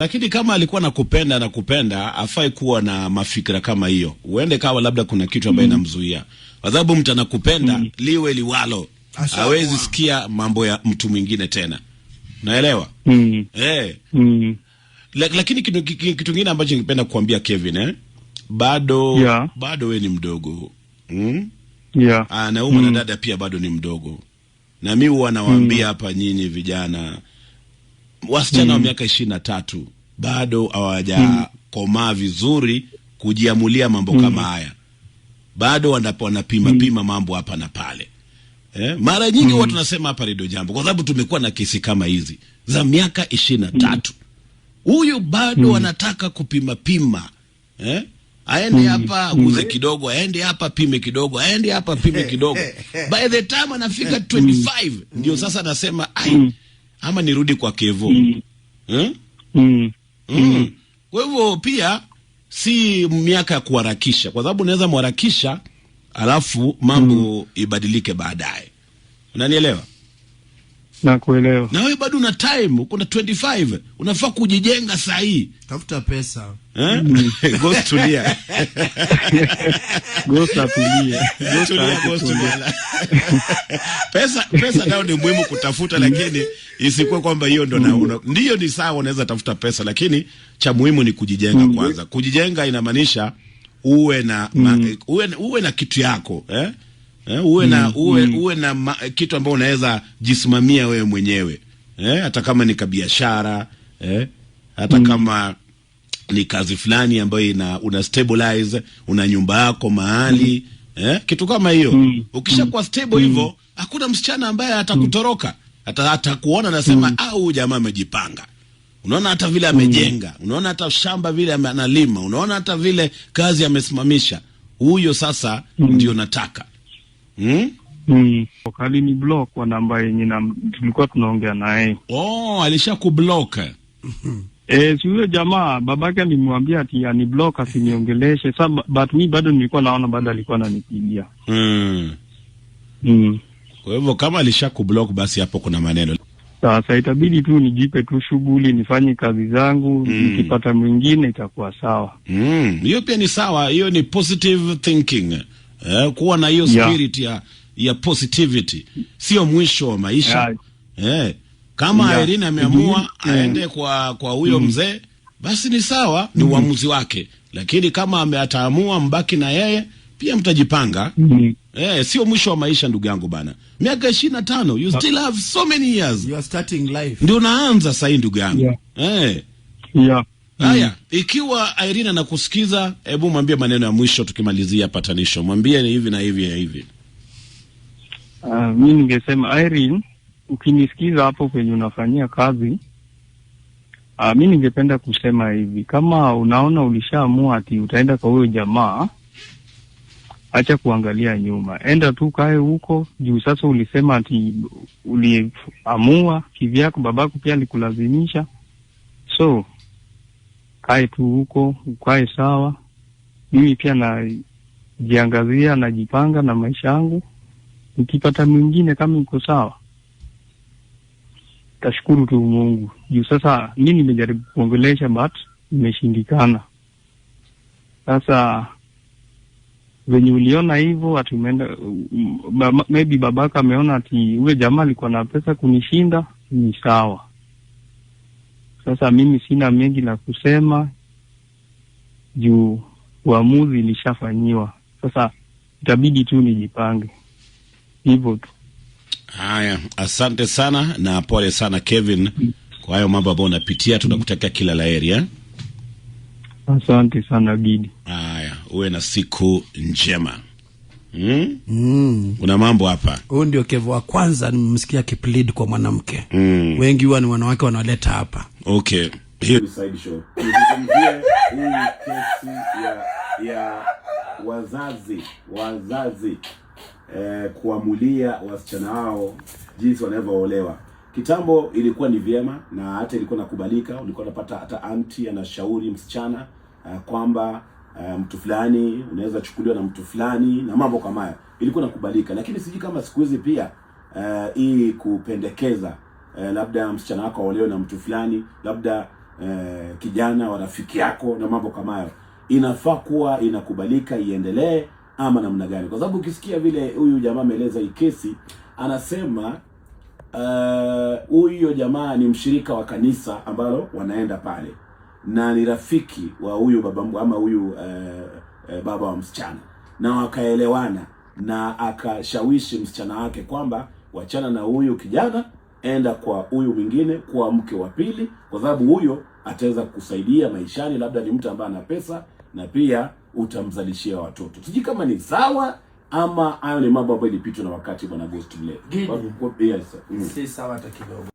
Lakini kama alikuwa nakupenda nakupenda, afai kuwa na mafikira kama hiyo. Uende kawa labda kuna kitu ambayo mm. inamzuia, kwa sababu mtu anakupenda mm. liwe liwalo, hawezi sikia mambo ya mtu mwingine tena, naelewa mm. hey. Eh. mm. Lakini kitu kingine ambacho ningependa kuambia Kevin eh? bado yeah. bado we ni mdogo mm? yeah. na huyu mwanadada mm. pia bado ni mdogo, na mi huwa nawaambia mm. hapa mm. nyinyi vijana wasichana mm. wa hmm. miaka ishirini na tatu bado hawajakomaa mm. vizuri kujiamulia mambo mm. kama haya, bado wanapima mm. pima mambo hapa na pale eh? Mara nyingi huwa mm. tunasema hapa Redio Jambo kwa sababu tumekuwa na kesi kama hizi za miaka ishirini na tatu hmm. huyu bado mm. anataka kupimapima eh? aende hmm. hapa aguze kuze kidogo, aende hapa pime kidogo, aende hapa pime kidogo by the time anafika 25 ndio sasa anasema ai ama nirudi kwa Kevo mm. Hmm? Mm. Mm. Kwa hivyo pia si miaka ya kuharakisha, kwa sababu unaweza mharakisha alafu mambo mm. ibadilike baadaye, unanielewa? na kuelewa Na wewe bado una time, uko na 25. Unafaa kujijenga saa hii. Tafuta pesa. Eh? Mm. Ghost tulia. Ghost atulia. Ghost tulia, ghost tulia. Pesa pesa nayo ni muhimu kutafuta, lakini isikuwe kwamba hiyo ndo na ndiyo ni sawa, unaweza tafuta pesa, lakini cha muhimu ni kujijenga mm. kwanza. Kujijenga inamaanisha uwe na mm. uwe, uwe na kitu yako, eh? eh, uwe mm, na uwe, mm. uwe na ma, kitu ambacho unaweza jisimamia wewe mwenyewe eh, hata kama ni kabiashara eh, hata mm. kama ni kazi fulani ambayo ina una stabilize una nyumba yako mahali mm. eh, kitu kama hiyo mm. ukishakuwa mm. stable mm. hivyo hakuna msichana ambaye mm. atakutoroka hata atakuona anasema mm. au ah, jamaa amejipanga unaona hata vile amejenga, mm. unaona hata shamba vile analima, unaona hata vile kazi amesimamisha. Huyo sasa mm. ndio nataka hmm? Mm, alini block kwa namba yenye na tulikuwa tunaongea naye. Oh, alisha kublock. Eh, si yule jamaa babake alimwambia ati ani block asiniongeleshe. Sasa but mi bado nilikuwa naona bado alikuwa ananipigia. Mm. Mm. Kwa hivyo kama alisha kublock basi hapo kuna maneno. Sasa itabidi tu nijipe tu shughuli nifanye kazi zangu, mm. nikipata mwingine itakuwa sawa. Mm. Hiyo pia ni sawa, hiyo ni positive thinking eh, kuwa na hiyo spirit yeah. ya ya positivity, sio mwisho wa maisha yeah. Eh, kama yeah. Irene ameamua mm -hmm. aende kwa kwa huyo mm -hmm. mzee, basi ni sawa, ni mm-hmm. uamuzi mm -hmm. wake, lakini kama ameataamua mbaki na yeye pia mtajipanga mm -hmm. Eh, sio mwisho wa maisha ndugu yangu bana, miaka ishirini na tano you still have so many years, you are starting life, ndio unaanza sasa hivi ndugu yangu yeah. Eh, yeah Haya, mm. Ikiwa Irina anakusikiza hebu mwambie maneno ya mwisho tukimalizia patanisho, mwambie ni hivi na hivi na hivi. Uh, ah, mi ningesema Irene, ukinisikiza hapo kwenye unafanyia kazi uh, ah, mi ningependa kusema hivi, kama unaona ulishaamua ati utaenda kwa huyo jamaa, acha kuangalia nyuma, enda tu kae huko juu. Sasa ulisema ati uliamua kivyako, babako pia alikulazimisha so kae tu huko ukae sawa. Mimi pia najiangazia, najipanga na maisha yangu, nikipata mwingine kama iko sawa tashukuru tu Mungu juu sasa mi nimejaribu kuongelesha but imeshindikana. Sasa venye uliona hivyo ati umeenda maybe babaka ameona ati huyo jamaa alikuwa na pesa kunishinda, ni sawa, sasa mimi sina mengi la kusema juu uamuzi ilishafanyiwa, sasa itabidi tu nijipange hivyo tu. Haya, asante sana na pole sana Kevin kwa hayo mambo ambayo unapitia. Tunakutakia kila la heri eh? Asante sana Gidi. Haya, uwe na siku njema. Mm? Mm. Una mambo hapa. Huyu ndio Kevo wa kwanza nimemsikia akiplead kwa mwanamke. Mm. Wengi huwa ni wanawake wanawaleta hapa. Okay. Hiyo side show. kesi ya ya wazazi wazazi eh, kuamulia wasichana wao jinsi wanavyoolewa. Kitambo ilikuwa ni vyema na hata ilikuwa nakubalika, ulikuwa unapata hata anti anashauri msichana uh, kwamba uh, mtu fulani unaweza chukuliwa na mtu fulani na mambo kama haya, ilikuwa nakubalika, lakini sijui kama siku hizi pia eh, hii uh, kupendekeza eh, labda msichana wako aolewe na mtu fulani, labda eh, kijana wa rafiki yako na mambo kama hayo, inafaa kuwa inakubalika iendelee ama namna gani? Kwa sababu ukisikia vile huyu jamaa ameeleza hii kesi, anasema eh, huyo uh, jamaa ni mshirika wa kanisa ambalo wanaenda pale na ni rafiki wa huyu baba ama huyu uh, uh, baba wa msichana, na wakaelewana na akashawishi msichana wake kwamba wachana na huyu kijana enda kwa huyu mwingine, kuwa mke wa pili, kwa sababu huyo ataweza kusaidia maishani, labda ni mtu ambaye ana pesa na pia utamzalishia watoto. Sijui kama ni sawa ama hayo ni mambo ambayo ilipitwa na wakati, bwana Ghost Mulee. Yes, mm. Si sawa hata kidogo.